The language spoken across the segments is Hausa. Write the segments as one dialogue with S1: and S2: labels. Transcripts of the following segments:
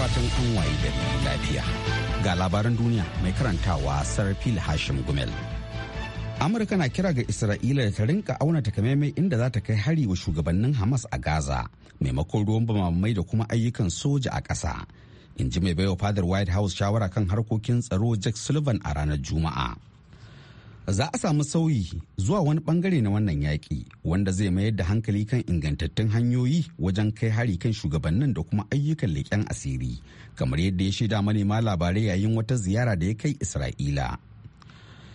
S1: fatan an waye gari lafiya. Ga labaran duniya mai karantawa Sarfil Hashim Gumel. Amurka na kira ga Isra'ila da ta rinka auna takamaimai inda za ta kai hari wa shugabannin Hamas a Gaza maimakon ruwan bamamai da kuma ayyukan soja a ƙasa. In ji mai baiwa fadar White House shawara kan harkokin tsaro Jack Sullivan a ranar Juma'a. za a samu sauyi zuwa wani bangare na wannan yaƙi wanda zai mayar da hankali kan ingantattun hanyoyi wajen kai hari kan shugabannin da kuma ayyukan leƙen asiri kamar yadda ya shaida manema labarai yayin wata ziyara da ya kai isra'ila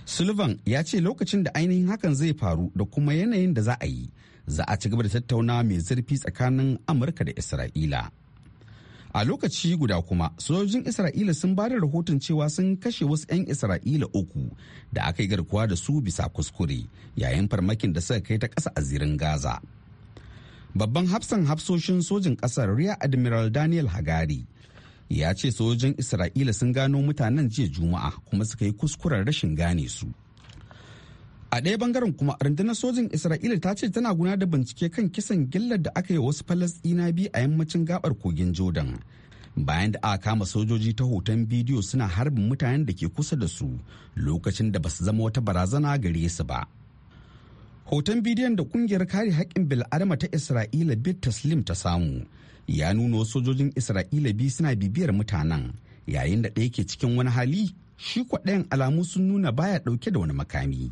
S1: sullivan ya ce lokacin da ainihin hakan zai faru da kuma yanayin da za a yi za a ci gaba da tattaunawa mai zurfi tsakanin amurka da isra'ila a lokaci guda kuma sojojin isra'ila sun ba da rahoton cewa sun kashe wasu 'yan isra'ila uku da aka yi garkuwa da su bisa kuskure yayin farmakin da suka kai ta ƙasa a zirin gaza babban hafsan hafsoshin sojin ƙasar riya admiral daniel hagari ya ce sojojin isra'ila sun gano mutanen jiya juma'a kuma suka yi kuskuren rashin gane su a ɗaya bangaren kuma rundunar sojin isra'ila ta ce tana guna da bincike kan kisan gillar da aka yi wasu falasɗina biyu a yammacin gabar kogin jordan bayan da aka kama sojoji ta hoton bidiyo suna harbin mutanen da ke kusa da su lokacin da ba su zama wata barazana gare su ba hoton bidiyon da kungiyar kare haƙƙin bil'adama ta isra'ila bit taslim ta samu ya nuna sojojin isra'ila biyu suna bibiyar mutanen yayin da ɗaya ke cikin wani hali shi kwaɗayan alamu sun nuna baya ɗauke da wani makami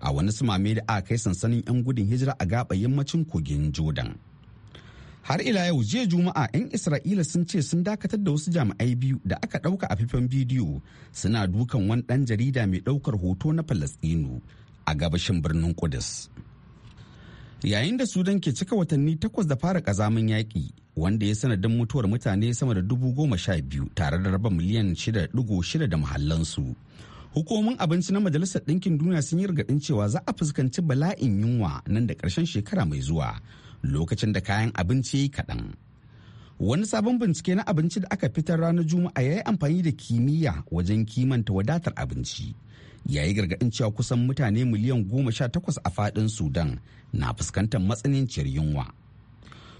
S1: a wani sumame da aka kai sansanin 'yan gudun hijira a gaɓa yammacin kogin jordan har ila yau jiya juma'a 'yan isra'ila sun ce sun dakatar da wasu jami'ai biyu da aka ɗauka a faifan bidiyo suna dukan wani ɗan jarida mai ɗaukar hoto na falastinu a gabashin birnin kudus yayin da sudan ke cika watanni takwas da fara kazamin yaƙi wanda ya sanadin mutuwar mutane sama da dubu goma sha biyu tare da raba miliyan shida da muhallansu. su Hukumomin abinci na Majalisar Ɗinkin Duniya sun yi gargaɗin cewa za a fuskanci bala'in yunwa nan da ƙarshen shekara mai zuwa lokacin da kayan abinci yi kaɗan. Wani sabon bincike na abinci da aka fitar ranar Juma'a ya yi amfani da kimiyya wajen kimanta wadatar abinci. Ya yi gargaɗin cewa kusan mutane miliyan goma sha takwas a faɗin Sudan na fuskantar matsananciyar yunwa.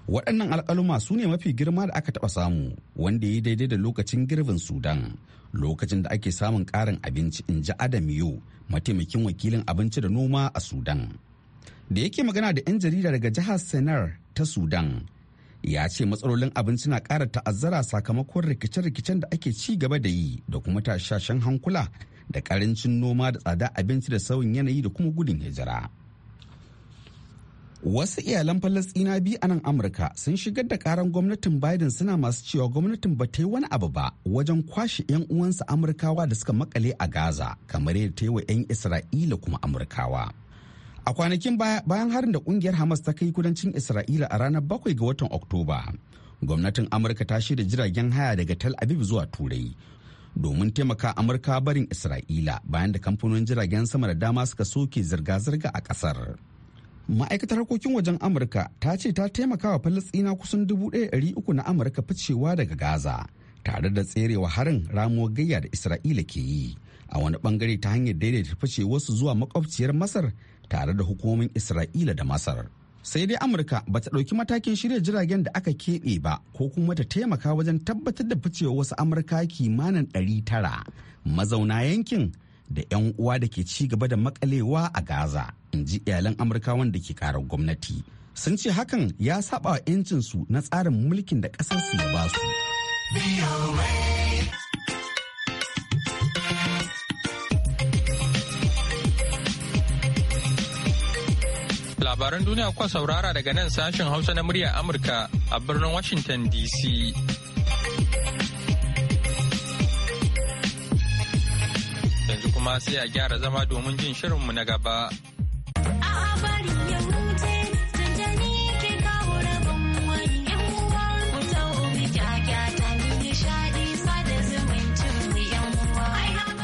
S1: Waɗannan alƙaluma su ne mafi girma da aka taɓa samu wanda ya daidai da lokacin girbin Sudan lokacin da ake samun karin abinci in ji adam yo mataimakin wakilin abinci da noma a sudan da yake magana da 'yan jarida daga jihar senar ta sudan ya ce matsalolin abinci na ƙara ta'azzara sakamakon rikice-rikicen da ake ci gaba da yi da kuma tashashen hankula da karancin noma da tsada abinci da sauyin yanayi da kuma gudun hijira Wasu iyalan falasina biyu a nan Amurka sun shigar da karan gwamnatin Biden suna masu cewa gwamnatin ba ta yi wani abu ba wajen kwashe 'yan uwansa Amurkawa da suka makale a Gaza kamar yadda ta yi wa 'yan Isra'ila kuma Amurkawa. A kwanakin bayan harin da kungiyar Hamas ta kai kudancin Isra'ila a ranar bakwai ga watan Oktoba, gwamnatin Amurka ta shirya jiragen haya daga Tel Aviv zuwa Turai domin taimaka Amurka barin Isra'ila bayan da kamfanonin jiragen sama da dama suka soke zirga-zirga a ƙasar. ma'aikatar harkokin wajen amurka ta ce ta taimaka wa falastina kusan 1,300 na amurka ficewa daga gaza tare da tserewa harin ramuwar gayya da isra'ila ke yi a wani bangare ta hanyar daidaita fice wasu zuwa makwabciyar masar tare da hukumomin isra'ila da masar sai dai amurka ba ta ɗauki matakin shirya jiragen da aka keɓe ba ko kuma ta taimaka wajen tabbatar da ficewa wasu amurka kimanin tara mazauna yankin da 'yan uwa da ke ci gaba da makalewa a gaza in ji iyalan amurka wanda ke karar gwamnati sun ce hakan ya saba wa su na tsarin mulkin da su ya ba su
S2: labaran duniya kuwa saurara daga nan sashen hausa na murya amurka a birnin washington dc yanzu kuma sai a gyara zama domin jin shirinmu na gaba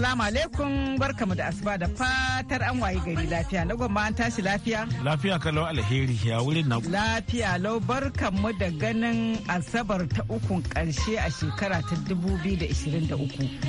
S3: Assalamu alaikum barkamu da asuba da fatar an waye gari lafiya. Na gwamma an tashi lafiya?
S4: Lafiya kalau alheri ya wurin na
S3: Lafiya lau barkamu da ganin asabar ta ukun karshe a shekara ta 2023.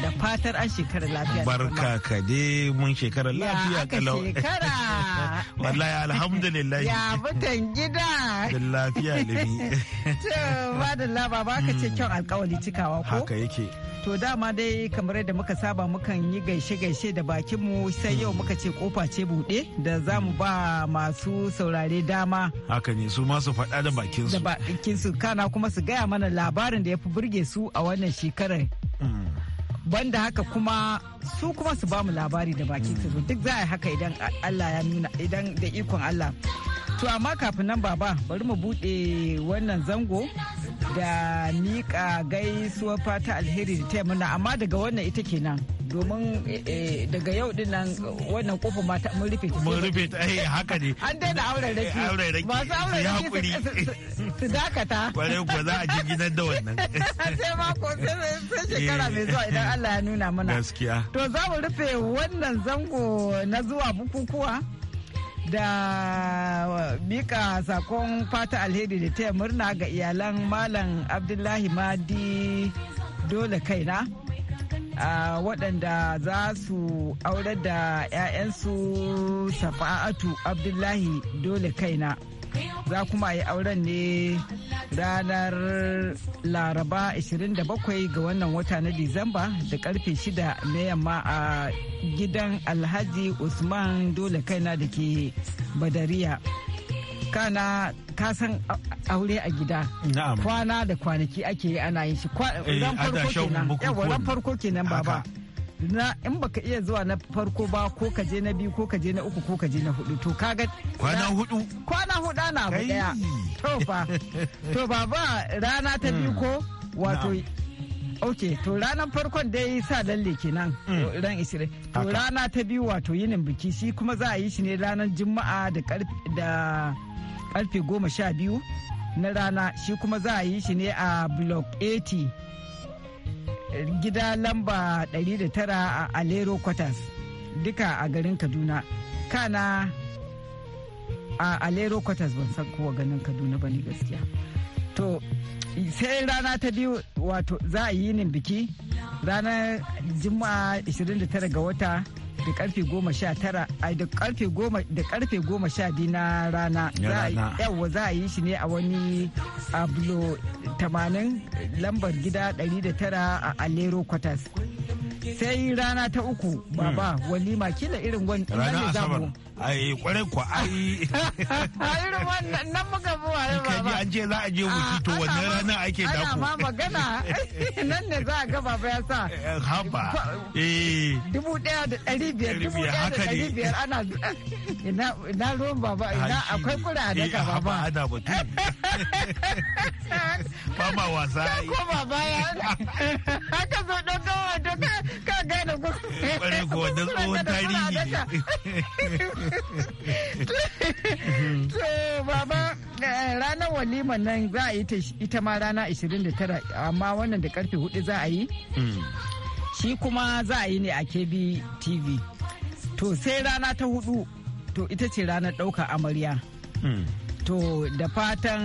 S3: Da fatar an shekara lafiya. Barka
S4: ka de mun shekara lafiya kalau. Ya
S3: shekara.
S4: Wallahi alhamdulillah. Ya
S3: mutan gida. Da lafiya limi. To ba da laba ba ka ce hmm. kyau alƙawari cikawa ko? Haka yake. To dama dai kamar yadda muka saba mukan yi gaishe-gaishe da da bakinmu sai yau muka ce kofa ce buɗe da za mu ba masu saurare dama.
S4: Haka ne su masu faɗa da bakinsu. Da
S3: bakinsu kana kuma su gaya mana labarin da ya fi burge su a wannan shekarar. Mm. banda haka kuma su kuma su bamu labari da bakin su mm. duk za a haka idan Allah ya nuna idan da ikon Allah to amma kafin nan baba bari mu bude wannan zango da miƙa gaisuwar fata alheri da taya muna amma daga wannan ita kenan domin eh, eh, daga yau din nan wannan kofa mata mun rufe ta mun rufe ta eh haka ne an daina auren raki eh, auren raki masu auren raki su dakata
S4: kware ko za a ji gidan da wannan
S3: sai ma ko
S4: sai shekara mai zuwa idan Allah ya nuna mana gaskiya
S3: to za mu rufe wannan zango na zuwa bukukuwa da mika sakon fata alheri da taya murna ga iyalan malam abdullahi madi dole kaina a waɗanda za su aure da 'ya'yansu safa'atu abdullahi dole kaina za kuma a yi auren ne ranar laraba 27 ga wannan wata na disamba da karfe 6 na yamma a gidan alhaji usman dole kaina da ke badariya kana kasan aure a gida kwana da kwanaki ake ana yin shi eh, ran farko kenan baba na in baka iya zuwa na farko ba ko ka je na biyu ko ka je na uku ko ka je na hudu to kaga kwana hudu kwana hudu na abu daya to ba to ba ba rana ta biyu mm. ko wato ok to ranar farkon dai sa lalle kenan mm. ran ishirin to rana ta biyu wato yinin biki shi kuma za a yi shi ne ranar juma'a da karfe goma sha biyu na rana shi kuma za a yi shi ne a block 80 gida lamba 109 a alero quarters duka a garin kaduna kana a alero quarters ban san kowa ganin kaduna ba ne gaskiya to sai rana ta biyu wato za a yi nin biki ranar juma'a 29 ga wata da karfe goma sha tara da karfe goma da karfe goma sha biyu na rana yawwa za a yi shi ne a wani ablo 80 lambar gida 900 a alero quarters sai rana ta uku baba hmm. walima kila irin wani
S4: zamu ai kwarai kwa ai
S3: ai wannan nan muka bi waye baba an je za a je wuce to ah, wannan rana ake dako ana ma magana nan ne za a ga baba ya sa
S4: eh, haba eh
S3: dubu daya da dari biyar dubu daya da dari biyar ana ina ina ruwan baba ina akwai kura eh, da ka baba hada batu ba ma wasa ko baba ya haka zo don gawa to ka gane ko kwarai ko wannan tsohon tarihi to baba eh, ranar walima nan za a yi ita ma rana 29 amma wannan da karfe 4 za a yi hmm. shi kuma za a yi ne a KB TV to sai rana ta hudu to ita ce ranar ɗaukar amarya hmm. To da fatan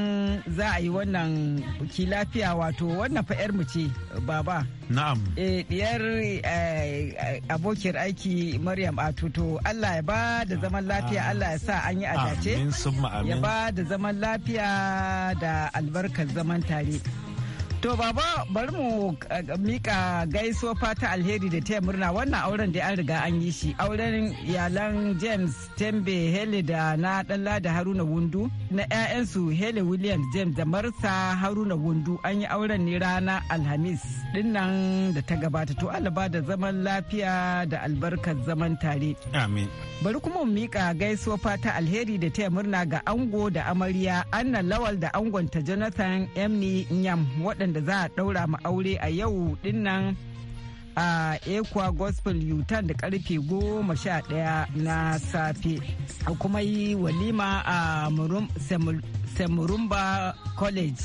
S3: za a yi wannan buki lafiya wato wannan fa'yar mu ce baba. Na'am. eh diyar eh, abokin aiki Maryam Atuto Allah ya ba da zaman lafiya Allah ya sa an yi adace. Ya ba da zaman lafiya da albarkar zaman tare. To baba bari mu eh, mika gaiso fata alheri da taya murna wannan auren da an riga an yi shi auren yalan James Tembe Hele da na Dalla da Haruna Wundu na 'ya'yansu Hele Williams James da Marsa Haruna Wundu an yi auren ne rana Alhamis dinnan da ta gabata to Allah ba da zaman lafiya da albarkar zaman tare. Amin. Bari kuma mu mika gaiso fata alheri da taya murna ga ango da amarya Anna Lawal da angonta Jonathan Emni Nyam waɗanda waɗanda za a ɗaura mu aure a yau dinnan a ekwa gospel yutan da karfe goma sha ɗaya na safe a kuma yi walima a murum semurumba murumba college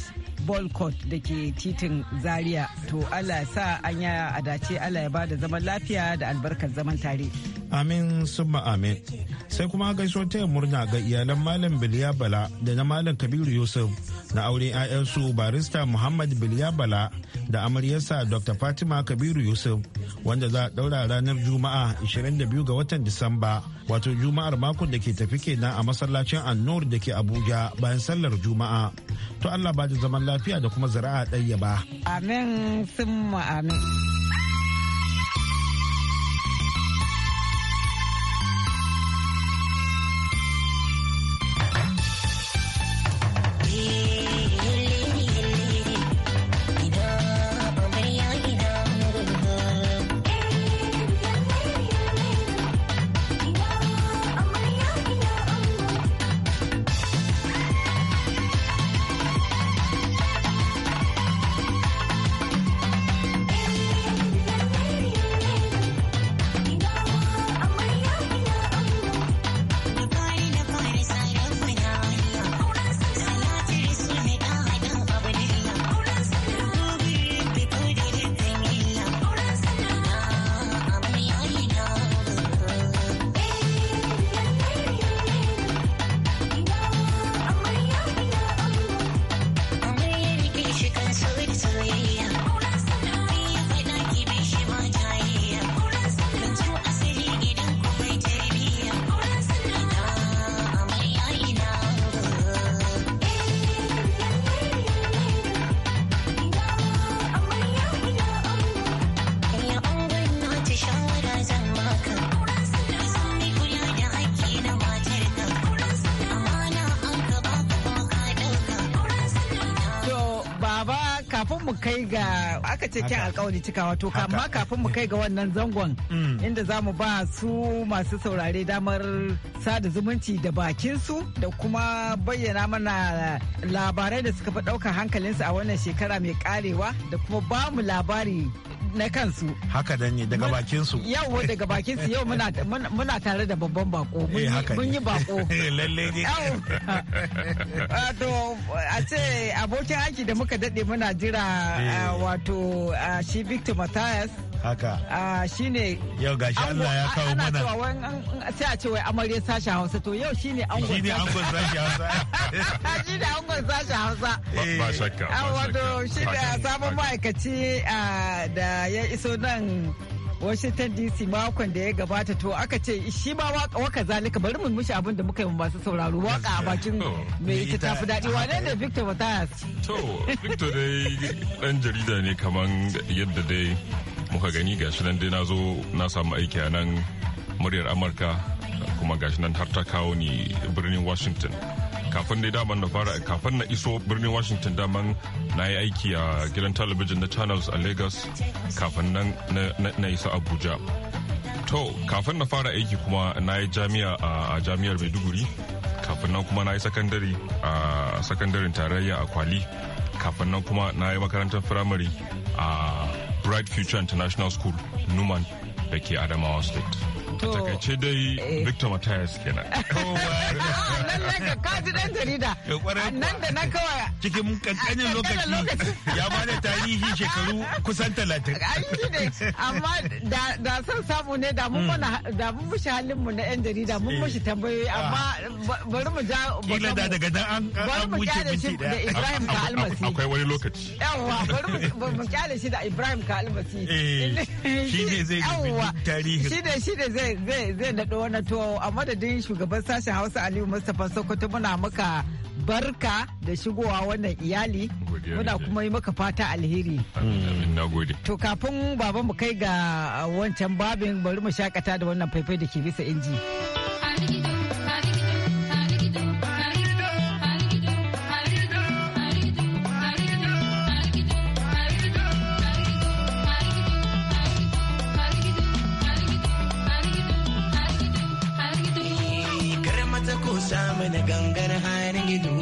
S3: bolcott da ke titin zaria to allah sa an ya a dace allah ya ba da zaman lafiya da albarkar zaman tare
S4: amin summa amin sai kuma gaiso taya murna ga iyalan malam biliya bala da na malam kabiru yusuf na aure 'ya'yansu barista muhammad biliya bala da amaryarsa dr fatima kabiru yusuf wanda za a daura ranar juma'a 22 ga watan disamba wato juma'ar makon da ke tafi kenan a masallacin annur da ke abuja bayan sallar sallar juma'a to allah ba zaman lafiya da kuma zara'a ɗayya ba
S3: amin sun amin aka ce kyan alkawari cikawa to amma kafin mu kai ga wannan zangon mm. inda za mu ba su masu saurare damar sada zumunci da bakinsu da kuma bayyana mana labarai da suka fi ɗaukar hankalinsu a wannan shekara mai karewa da kuma ba mu labari
S4: na kansu. Haka da ne daga bakin su. Yau daga bakin su yau
S3: muna tare da babban bako. Eh, mun yi bako. Eh, lalle ne. a ce abokin aiki da muka daɗe muna jira eh. wato shi victor matthias haka a shine yau gashi Allah ya kawo mana sai a ce wai amarya sasha hausa to yau shine angon shine angon sashi hausa shine angon sashi hausa ba shakka wato ne sabon ma'aikaci da ya iso nan washington dc makon da ya gabata to aka ce shi ma waka waka zalika bari mu mushi abin da muka yi masu sauraro waka a bakin mai ita ta fi daɗi wane ne victor matthias
S2: to victor dai dan jarida ne kaman yadda dai muka gani gashi nan dai na zo na samu aiki a nan muryar amurka kuma gashi nan har ta kawo ni birnin washington kafin dai daman na fara kafin na iso birnin washington daman na yi aiki a gidan talabijin na channels a lagos kafin nan na isa abuja to kafin na fara aiki kuma na yi jami'a a jami'ar maiduguri kafin nan kuma na yi sakandare a sakandaren tarayya a kwali kafin nan kuma na yi makarantar firamare a bright future international school numan da ke adamawa state takaice dai eh. victor matthias kenan eh,
S4: nan da ka ji dan jarida nan da na kawai cikin kankanin lokaci ya ba tarihi shekaru kusan talatin amma
S3: da son samu ne da mun hmm. da mun mushi halin mu na yan jarida mun eh. mushi tambayoyi ah. amma bari mu ja kila da daga dan an bari mu kyale shi da ibrahim ka almasi
S2: akwai wani lokaci
S3: yawa bari mu kyale shi da ibrahim ka almasi shi ne zai tarihi shi ne shi ne zai zai daɗo wani tuwo a madadin shugaban sashen hausa aliyu mustapha sokoto muna maka barka da shigowa wannan iyali muna kuma yi maka fata alheri to kafin baban mu kai ga wancan babin bari mu shakata da wannan faifai da ke bisa inji.
S5: mana gangar hannun gido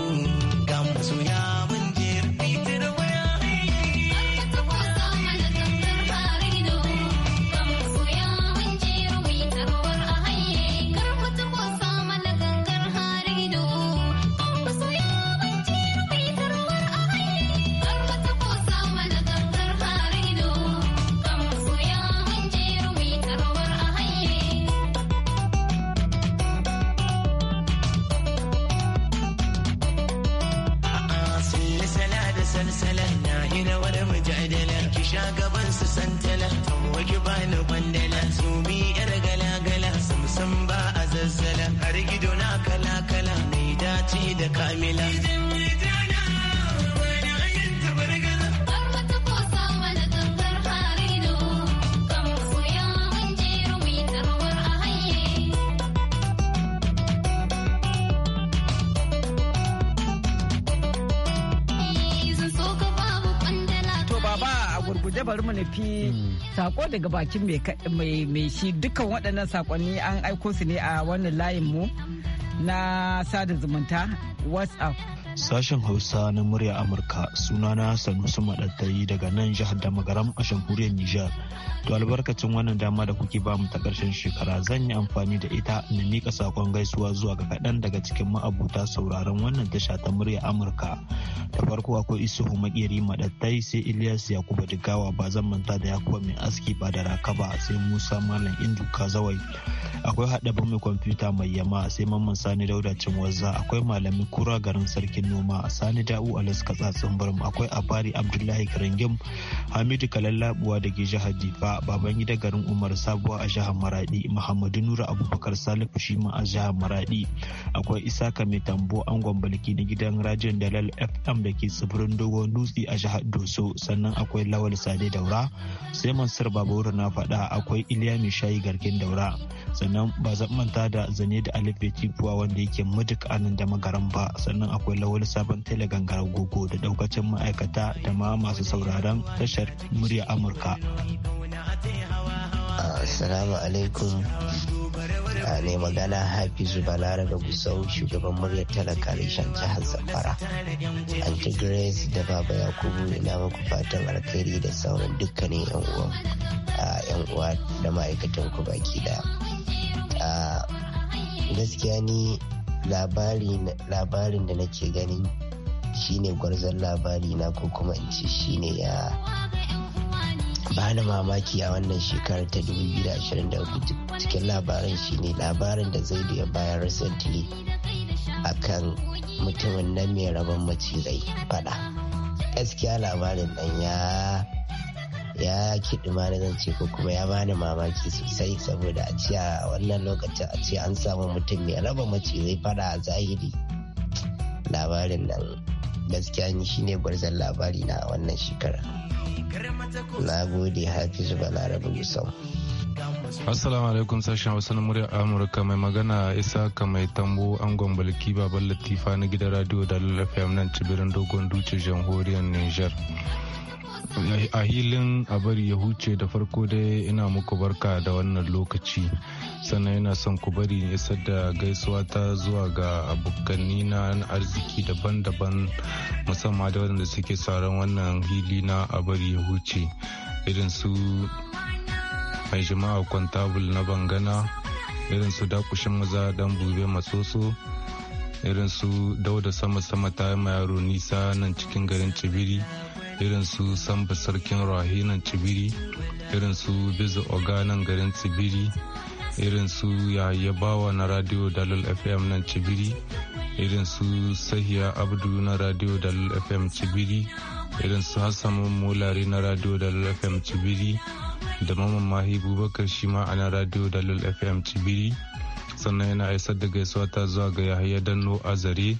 S3: tafi hmm. sako daga bakin mai shi dukkan waɗannan sakonni an aiko su ne a wannan layin mu na sada zumunta whatsapp
S4: Sashen Hausa na murya Amurka sunana Sanusi Maɗattari daga nan jihar magaram a shamhuriyar Nijar. To albarkacin wannan dama da kuke bamu ta karshen shekara zan yi amfani da ita na miƙa sakon gaisuwa zuwa ga kaɗan daga cikin ma'abuta sauraron wannan tasha ta murya Amurka. Da farko akwai Isuhu Maƙeri Maɗattai sai Ilyas Yakuba Digawa ba zan manta da Yakuba mai aski ba da raka ba sai Musa Malam Indu Kazawai. Akwai haɗa mai kwamfuta mai yama sai Mamman Sani Dauda Cinwaza akwai Malami Kura garin Sarkin noma sani da'u alas katsatsin barim akwai abari abdullahi karangim hamidu kalallabuwa da ke jihar difa baban gida garin umar sabuwa a jihar maradi muhammadu nura abubakar salifu shima a jihar maradi akwai isaka mai tambo angon gwambalki na gidan rajin dalal fm da ke tsibirin dogon dutse a jihar doso sannan akwai lawal sade daura sai mansur babawura na faɗa akwai iliya mai shayi garkin daura sannan ba zan manta da zane da alif wanda yake mutuk anan da magaran ba sannan akwai wani sabon tele gogo da daukacin ma'aikata da ma masu sauraron tashar murya amurka
S6: ah, assalamu alaikum ne ah, magana hafizu balara da gusau shugaban muryar talaka shan jihar zamfara anti grace da baba yakubu ina muku fatan alkhairi da sauran dukkanin yan uwa ah, yan uwa da ma'aikatan ku baki da gaskiya ni labarin da nake ganin shine gwarzon labari na ko kuma in ce shine ya bani mamaki a wannan shekarar ta 2024 cikin labarin shine labarin da zai ya bayar recently akan mutumin nan mai rabon macizai fada gaskiya labarin nan ya ya kiɗi ma zan ce ko kuma ya bani mamaki sosai saboda a ce a wannan lokacin a ce an samu mutum mai raba mace zai fada a zahiri labarin nan gaskiya ni shine gwarzon labari na wannan shekara na gode hafizu balarabe gusau
S7: Assalamu alaikum sashen Hausa na muryar Amurka mai magana isa ka mai tambo angon balki baban latifa na gidan radio da lalafiya nan tsibirin dogon duce jamhuriyar Nijar. a hilin a bari ya huce da farko dai ina muku barka da wannan lokaci sannan yana son ku bari isar da gaisuwa ta zuwa ga abokanni na arziki daban-daban musamman da wanda suke sauran wannan hili na a bari ya huce irin su mai jima'a kwantabul na bangana irin su dakushin maza dan bube masoso irin su dauda sama-sama ta yi yaro nisa nan cikin garin cibiri irin su samba sarkin rahinan tsibiri irin su bizu oganan garin tsibiri irin su yayabawa na radio dalil fm nan tsibiri irin su sahiya abdu na radio dalil fm tsibiri irin su hassan mulari na radio dalil fm tsibiri da mamman mahi bubakar shi a na radio dalil fm tsibiri sannan yana isar da gaisuwa ta zuwa ga yahaya danno azare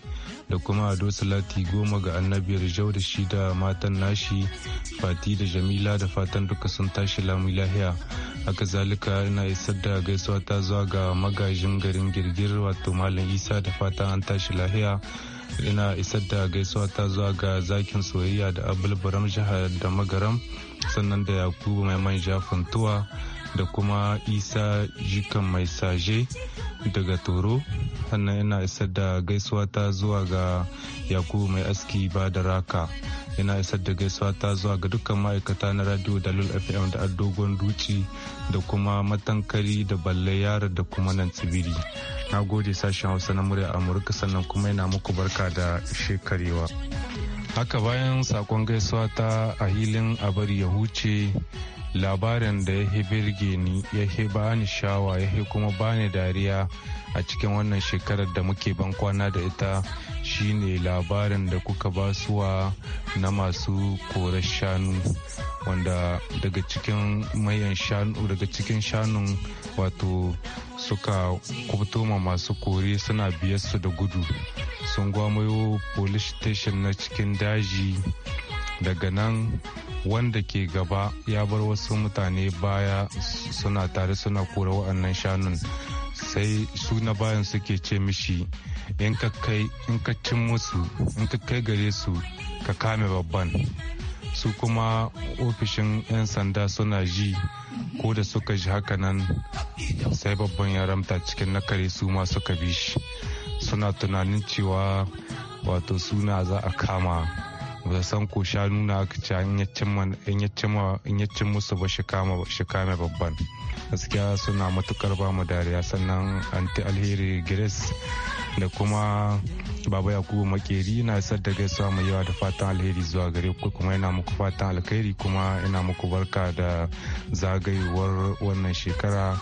S7: da kuma ado salati goma ga annabiyar jau da shi da matan nashi fati da jamila da fatan duka sun tashi lamu lahiya haka zalika yana isar da gaisuwa ta zuwa ga magajin garin girgir wato malam isa da fatan an tashi lahiya ina isar da gaisuwa ta zuwa ga zakin soyayya da baram jihar da magaram sannan da yakubu mai man funtuwa da kuma isa jikan mai saje daga toro sannan ina isar da gaisuwa ta zuwa ga yakubu mai aski ba da raka ina isar da gaisuwa ta zuwa ga dukkan ma'aikata na radio da lul fm da dogon duci da kuma matankari da balle yara da kuma nan tsibiri na gode sashen hausa na murya amurka sannan kuma yana muku barka da shekarewa haka bayan sakon gaisuwa ta a hilin bari ya huce labarin da ya birge ni ya bani shawa ya kuma bani dariya a cikin wannan shekarar da muke ban kwana da ita shine labarin da kuka ba suwa na masu korar shanu wanda daga cikin mayan shanu daga cikin shanun wato suka kubuto masu kore suna biyar da gudu sun gwamayo police station na cikin daji daga nan wanda ke gaba ya bar wasu mutane baya suna tare suna kura wa'annan shanun sai su na bayan suke ce mishi in ka kai in ka cin musu in ka kai gare su ka kame babban su kuma ofishin 'yan sanda suna ji ko da suka ji hakanan sai babban ya ramta cikin nakare su ma suka bi shi suna tunanin cewa wato suna za a kama ba san ko shanu na aka ci in ya cin musu ba shi kame babban gaskiya suna matukar ba mu dariya sannan anti alheri grace da kuma baba yakubu makeri na sad da gaisuwa mai yawa da fatan alheri zuwa gare ku kuma ina muku fatan alheri kuma ina muku barka da zagayewar wannan shekara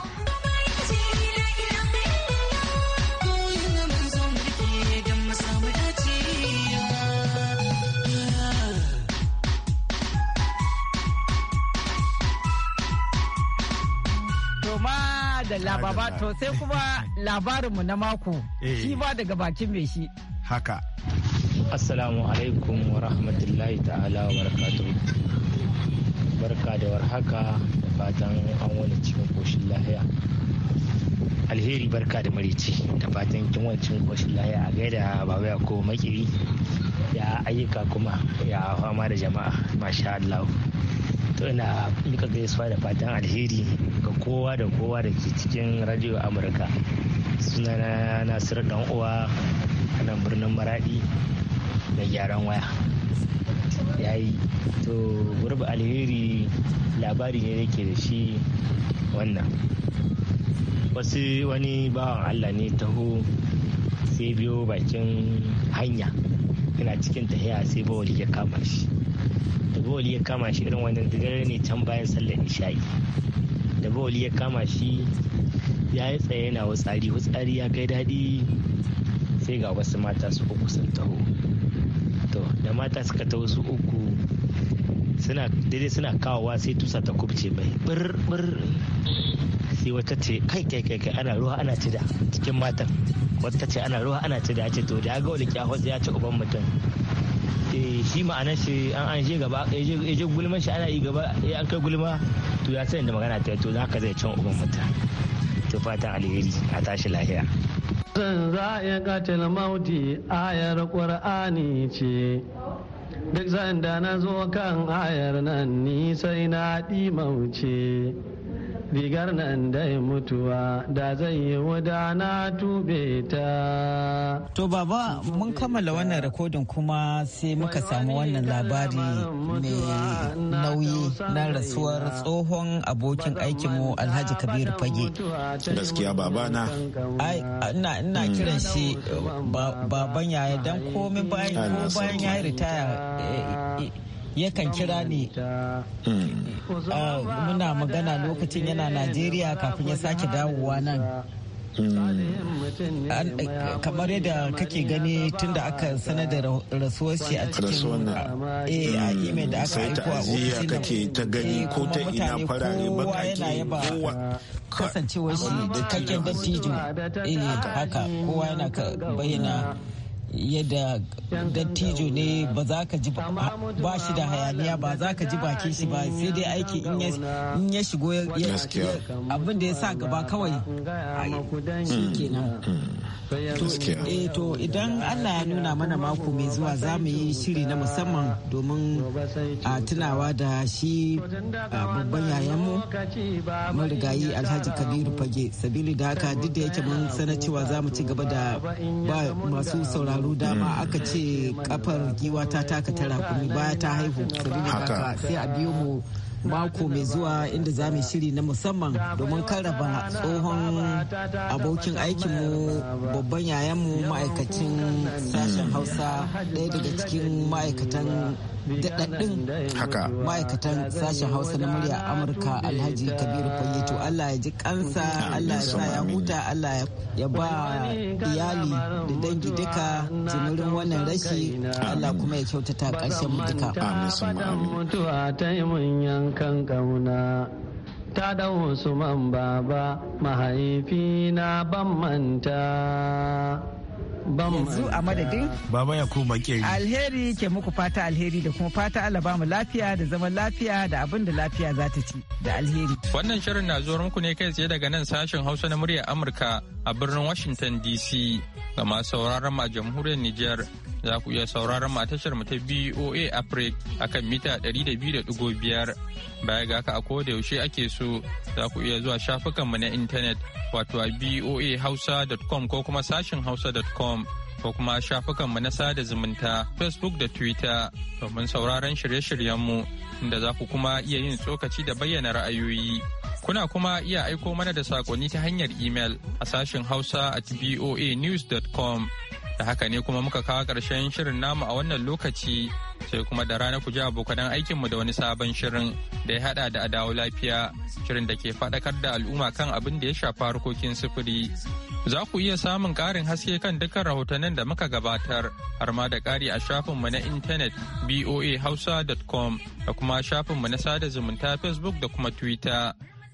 S3: da baba to sai kuma labarinmu na mako eh. shi ba daga bakin mai shi haka
S5: assalamu alaikum wa rahmatullahi ta'ala wa barakatuhu barka da warhaka da fatan an wani cikin koshin lahiya alheri barka da marici da fatan kin wani cikin koshin lahiya a gaida baba ko makiri ya ayyuka kuma ya fama da jama'a masha Allah to ina mika gaisuwa da fatan alheri kowa da kowa da ke cikin radio amurka sunana nasiru dan uwa a nan birnin maradi da gyaran waya yayi to gurbi alheri labari ne yake da shi wannan wasu wani bawan allah ne taho sai biyo bakin hanya yana cikin tahiya sai bawali ya kama shi da bawali ya kama shi irin wannan dare ne can bayan sallar isha'i da bawali ya kama shi ya yi tsaye na wutsari wutsari ya kai daɗi sai ga wasu mata su uku sun taho to da mata suka taho su uku suna daidai suna kawowa sai tusa ta kubce mai bir sai wata ce kai kai kai kai ana ruwa ana da cikin matan wata ce ana ruwa ana ya ce to da ga wani kyahot ya ci uban mutum eh, shi ma'anar shi an an je gaba ya je gulman shi ana yi gaba ya an kai gulma to ya san da magana ta to ka zai can uban mutum to fatan alheri a tashi lahiya
S4: zan za ya na mauti ayar ƙwar'ani ce duk zan da na zo kan ayar nan ni sai na ɗi mauce rigar nan ya mutuwa da zai yi wadana
S3: tube ta. To baba mun kammala wannan rikodin kuma sai muka samu wannan labari mai nauyi na rasuwar tsohon abokin aikinmu Alhaji Kabiru Fage. Gaskiya baba na. Ai, ina hmm. kiran shi baban yaya dan komai bayan yayi ritaya eh, eh, yakan kira ne hmm. ah, muna magana lokacin yana najeriya kafin ya sake dawowa nan hmm. eh, kamar yadda kake gani tun da aka sanar da rasuwar shi a
S4: cikin ah, eh, a hmm. email da aka aiko a ofishin kake ta gani eh, ko ta ina farare bakake
S3: kasancewar shi kakken dattijo haka kowa yana bayyana yadda dattijo ne ba za ka ji ba shi da hayaniya ba za ka ji bakin shi ba sai dai aiki in ya shigo abin da ya sa gaba kawai shi
S2: kenan hmm,
S3: hmm. eh, to idan allah ya nuna mana mako mai zuwa za mu yi shiri na musamman domin a tunawa da shi babban yayanmu marigayi alhaji kabiru fage sabili da haka duk da yake mun sanar cewa za mu ci gaba da ba masu sauraro shekaru dama mm. aka ce kafar giwa ta taka ta rakumi baya ta haihu sai a biyo mu mako mai zuwa inda za mu shiri na musamman domin karraba tsohon abokin aikinmu babban yayan yayanmu ma'aikacin sashen hausa daya daga cikin ma'aikatan daɗaɗɗun haka ma'aikatan sashen hausa na murya amurka alhaji kabiru fayyato allah ya ji kansa allah ya ya huta allah ya ba iyali da dangi duka jimirin wannan rashi allah kuma ya kyautata
S4: ƙarshen mu duka ta da Usman baba mahaifi na ban manta yanzu a madadin baba ya makeri
S3: alheri ke muku fata alheri da kuma fata Allah ba mu lafiya da zaman lafiya da abin da lafiya za ta ci
S4: da
S2: alheri wannan shirin na zuwa muku ne kai tsaye daga nan sashen Hausa na muryar Amurka a birnin Washington DC ga masu sauraron a jamhuriyar niger. za ku iya sauraron mu a tashar mu ta BOA Africa akan mita 200.5 baya ga haka a koda yaushe ake so za ku iya zuwa shafukan mu na intanet wato a boahausa.com ko kuma sashin hausa.com ko kuma shafukan mu na sada zumunta Facebook da Twitter domin sauraron shirye-shiryen mu inda za ku kuma iya yin tsokaci da bayyana ra'ayoyi. Kuna kuma iya aiko mana da sakonni ta hanyar imel a sashin hausa at boanews.com Da haka ne kuma muka kawo ƙarshen shirin namu a wannan lokaci sai kuma da rana ku ji abokanan aikinmu da wani sabon shirin da ya hada da adawo lafiya shirin da ke faɗakar da al'umma kan abin da ya shafi harkokin sufuri. Za ku iya samun ƙarin haske kan dukkan rahotannin da muka gabatar har ma da ƙari a shafinmu na intanet hausa.com da kuma shafinmu na sada zumunta Facebook da kuma Twitter.